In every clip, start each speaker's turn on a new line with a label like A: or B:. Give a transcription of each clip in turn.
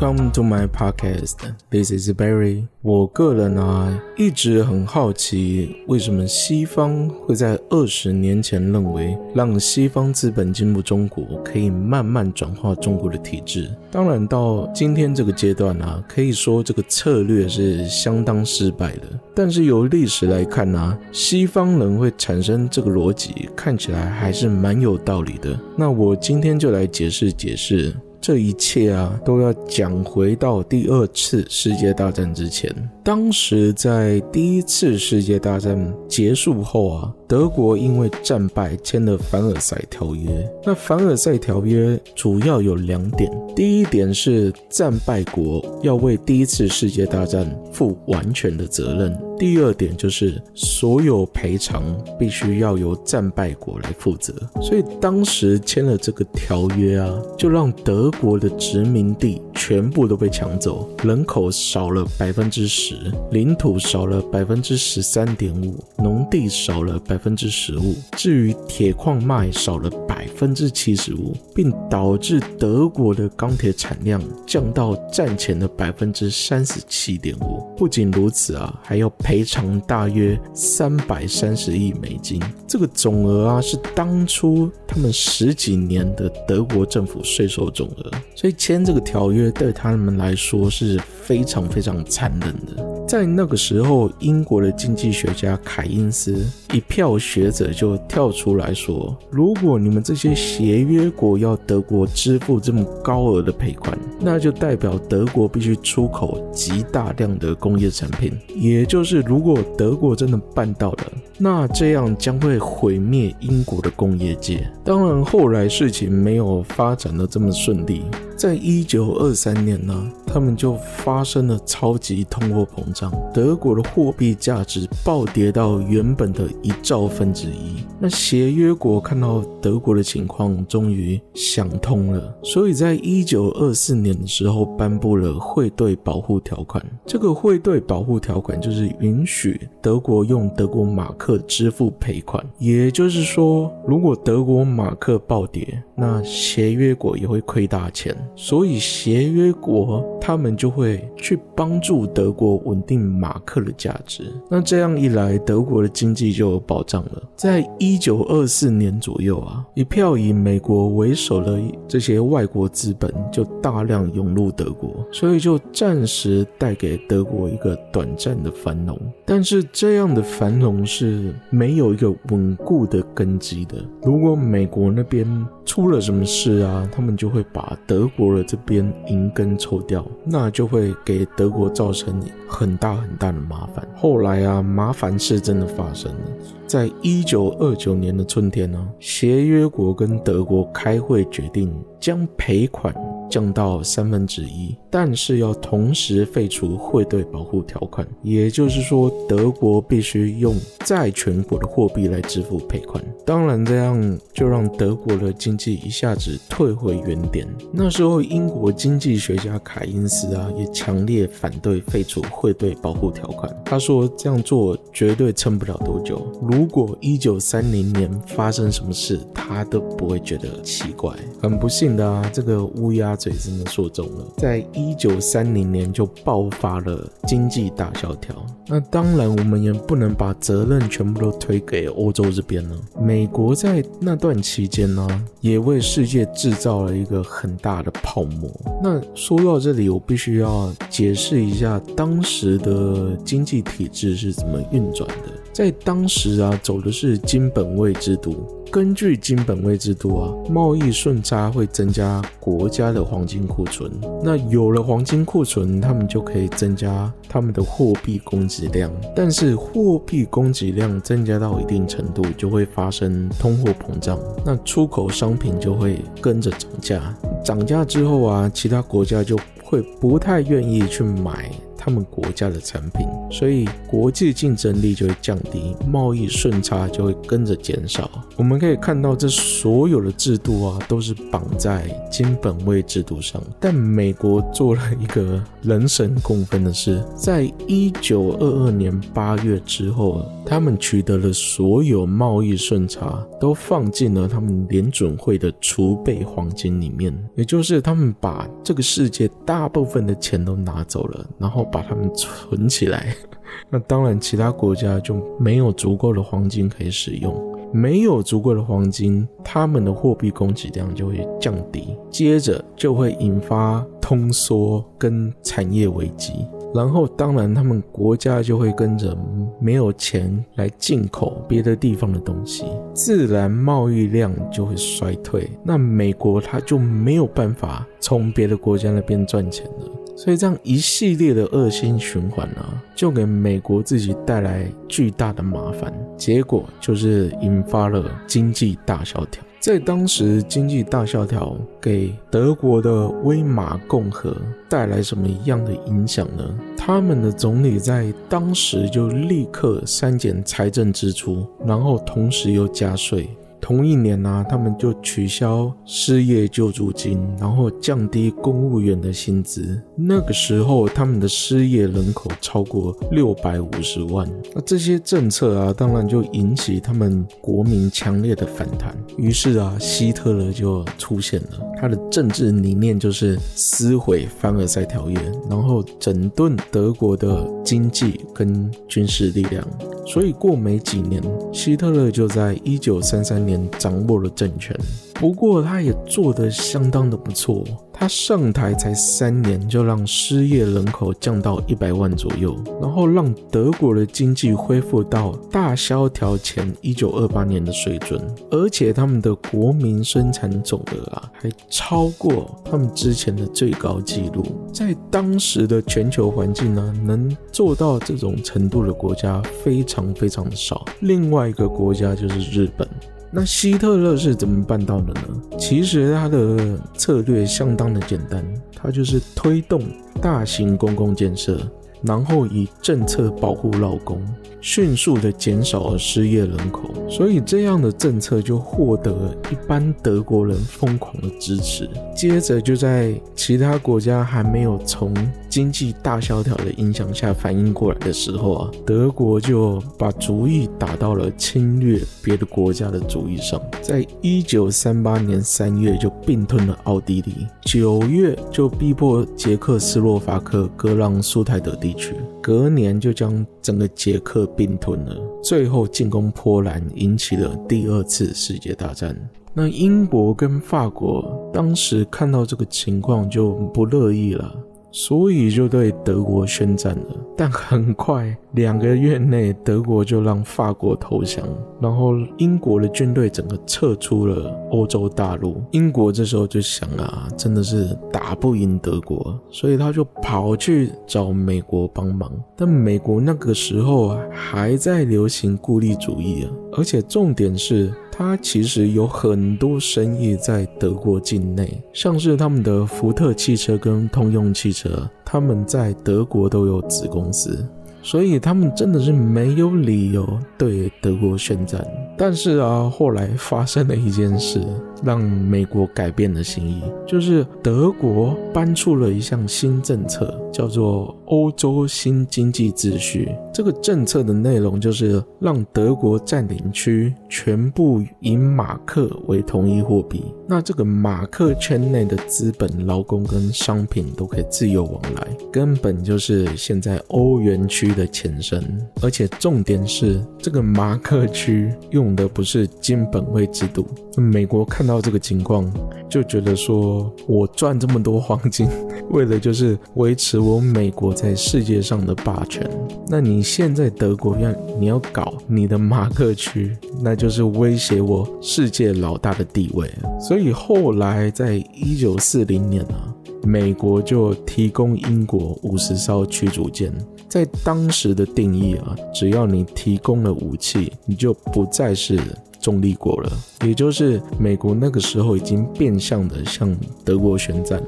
A: Welcome to my podcast. This is Barry. 我個人啊，一直很好奇，為什麼西方會在二十年前認為讓西方資本進入中國可以慢慢轉化中國的體製？當然，到今天這個階段呢、啊，可以說這個策略是相當失敗的。但是由歷史來看呢、啊，西方人會產生這個邏輯，看起來還是蠻有道理的。那我今天就來解釋解釋。這一切啊，都要講回到第二次世界大戰之前。當時在第一次世界大戰結束後啊。德國因為戰敗簽了《凡爾賽條約》，那《凡爾賽條約》主要有兩點：第一點是戰敗國要為第一次世界大戰負完全的責任；第二點就是所有賠償必須要由戰敗國來負責。所以當時簽了這個條約啊，就讓德國的殖民地全部都被搶走，人口少了百分之十，領土少了百分之十三點五，農地少了百分之十五，至於鐵礦賣少了百分之七十五，並導致德國的鋼鐵產量降到戰前的百分之三十七點五。不僅如此啊，還要賠償大約三百三十億美金，這個總額啊是當初他們十幾年的德國政府稅收總額。所以簽這個條約對他們來說是非常非常殘忍的。在那個時候，英國的經濟學家凱因斯一票學者就跳出來說：“如果你們這些協約國要德國支付這麼高額的賠款，那就代表德國必須出口極大量的工業產品。也就是，如果德國真的辦到了，那這樣將會毀滅英國的工業界。當然，後來事情沒有發展的這麼順利。”在一九二三年呢，他們就發生了超級通貨膨脹，德國的貨幣價值暴跌到原本的一兆分之一。那協約國看到德國的情況，終於想通了，所以在一九二四年的時候頒布了匯兌保護條款。這個匯兌保護條款就是允許德國用德國馬克支付賠款，也就是說，如果德國馬克暴跌，那協約國也會虧大錢。所以協約國他們就會去幫助德國穩定馬克的價值，那這樣一來德國的經濟就有保障了。在一九二四年左右啊，一票以美國為首的這些外國資本就大量湧入德國，所以就暫時帶給德國一個短暫的繁榮。但是這樣的繁榮是沒有一個穩固的根基的。如果美國那邊出了什麼事啊，他們就會把德國過了這邊銀根抽掉，那就會給德國造成很大很大的麻煩。後來啊，麻煩事真的發生了。在一九二九年的春天呢、啊，協約國跟德國開會決定將賠款。降到三分之一，但是要同時廢除匯兌保護條款，也就是說，德國必須用債權國的貨幣來支付賠款。當然，這樣就讓德國的經濟一下子退回原點。那時候，英國經濟學家凱因斯啊也強烈反對廢除匯兌保護條款。他說，這樣做絕對撐不了多久。如果一九三零年發生什麼事，他都不會覺得奇怪。很不幸的啊，這個烏鴉。嘴真的說中了，在一九三零年就爆發了經濟大蕭條。那當然，我們也不能把責任全部都推給歐洲這邊呢。美國在那段期間呢、啊，也為世界製造了一個很大的泡沫。那說到這裡，我必須要解釋一下當時的經濟體制是怎麼運轉的。在當時啊，走的是金本位制度。根據金本位制度啊，貿易順差會增加國家的黃金庫存。那有了黃金庫存，他們就可以增加他們的貨幣供給量。但是貨幣供給量增加到一定程度，就會發生通貨膨脹。那出口商品就會跟着漲價。漲價之後啊，其他國家就會不太願意去買。他們國家的產品，所以國際競爭力就會降低，貿易順差就會跟着減少。我們可以看到，這所有的制度啊，都是綁在金本位制度上。但美國做了一個人神共憤的事，在一九二二年八月之後，他們取得了所有貿易順差，都放進了他們聯準會的儲備黃金裡面，也就是他們把這個世界大部分的錢都拿走了，然後。把它們存起來， 那當然，其他國家就沒有足夠的黃金可以使用，沒有足夠的黃金，他們的貨幣供給量就會降低，接着就會引發通縮跟產業危機，然後當然，他們國家就會跟着沒有錢來進口別的地方的東西，自然貿易量就會衰退，那美國它就沒有辦法從別的國家那邊賺錢了。所以這樣一系列的惡性循環呢、啊，就給美國自己帶來巨大的麻煩，結果就是引發了經濟大蕭條。在當時，經濟大蕭條給德國的威瑪共和帶來什麼樣的影響呢？他們的總理在當時就立刻刪減財政支出，然後同時又加稅。同一年呢、啊，他們就取消失業救助金，然後降低公務員的薪資。那個時候，他們的失業人口超過六百五十萬。那這些政策啊，當然就引起他們國民強烈的反彈。於是啊，希特勒就出現了。他的政治理念就是撕毀凡爾賽條約，然後整頓德國的經濟跟軍事力量。所以過沒幾年，希特勒就在一九三三年，掌握了政權，不過他也做得相當的不錯。他上台才三年，就讓失業人口降到一百萬左右，然後讓德國的經濟恢復到大蕭條前一九二八年的水準，而且他們的國民生產總值啊，還超過他們之前的最高紀錄。在當時的全球環境呢，能做到這種程度的國家非常非常的少。另外一個國家就是日本。那希特勒是怎麼辦到的呢？其實他的策略相當的簡單，他就是推動大型公共建設，然後以政策保護勞工，迅速的減少了失業人口，所以這樣的政策就獲得一般德國人瘋狂的支持。接着就在其他國家還沒有從。經濟大蕭條的影響下，反應過來的時候啊，德國就把主意打到了侵略別的國家的主意上。在一九三八年三月就併吞了奧地利，九月就逼迫捷克斯洛伐克割讓蘇台德地區，隔年就將整個捷克併吞了。最後進攻波蘭，引起了第二次世界大戰。那英國跟法國當時看到這個情況就不樂意了。所以就對德國宣戰了，但很快兩個月內，德國就讓法國投降，然後英國的軍隊整個撤出了歐洲大陸。英國這時候就想啊，真的是打不贏德國，所以他就跑去找美國幫忙。但美國那個時候還在流行孤立主義啊，而且重點是。他其實有很多生意在德國境內，像是他們的福特汽車跟通用汽車，他們在德國都有子公司，所以他們真的是沒有理由對德國宣戰。但是啊，後來發生了一件事。讓美國改變了心意，就是德國搬出了一項新政策，叫做“歐洲新經濟秩序”。這個政策的內容就是，讓德國占領區全部以馬克為統一貨幣。那這個馬克圈內的資本、勞工跟商品都可以自由往來，根本就是現在歐元區的前身。而且重點是，這個馬克區用的不是金本位制度，美國看到這個情況，就覺得說我賺這麼多黃金，為了就是維持我美國在世界上的霸權。那你現在德國要你要搞你的馬克區，那就是威脅我世界老大的地位。所以後來在一九四零年啊，美國就提供英國五十艘驅逐艦。在當時的定義啊，只要你提供了武器，你就不再是。中立過了，也就是美國那個時候已經變相的向德國宣戰。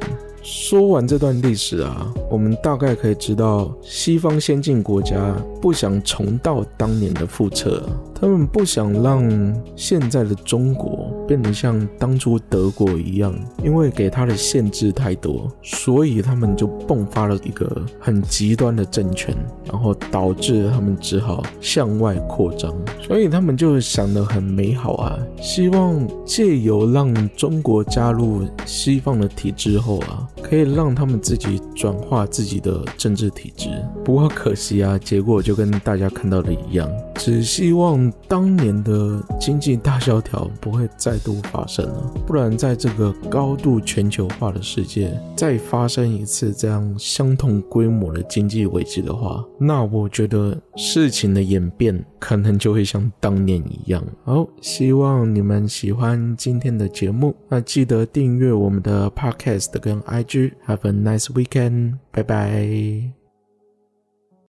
A: 說完這段歷史啊，我們大概可以知道，西方先進國家不想重蹈當年的覆轍，他們不想讓現在的中國。變得像當初德國一樣，因為給他的限制太多，所以他們就迸發了一個很極端的政權，然後導致他們只好向外擴張。所以他們就想得很美好啊，希望借由讓中國加入西方的體制後啊，可以讓他們自己轉化自己的政治體制。不過可惜啊，結果就跟大家看到的一樣，只希望當年的經濟大蕭條不會再。都發生了，不然在這個高度全球化的世界，再發生一次這樣相同規模的經濟危機的話，那我覺得事情的演變可能就會像當年一樣。好，希望你們喜歡今天的節目，那記得訂閱我們的 Podcast 跟 IG。Have a nice weekend，拜拜。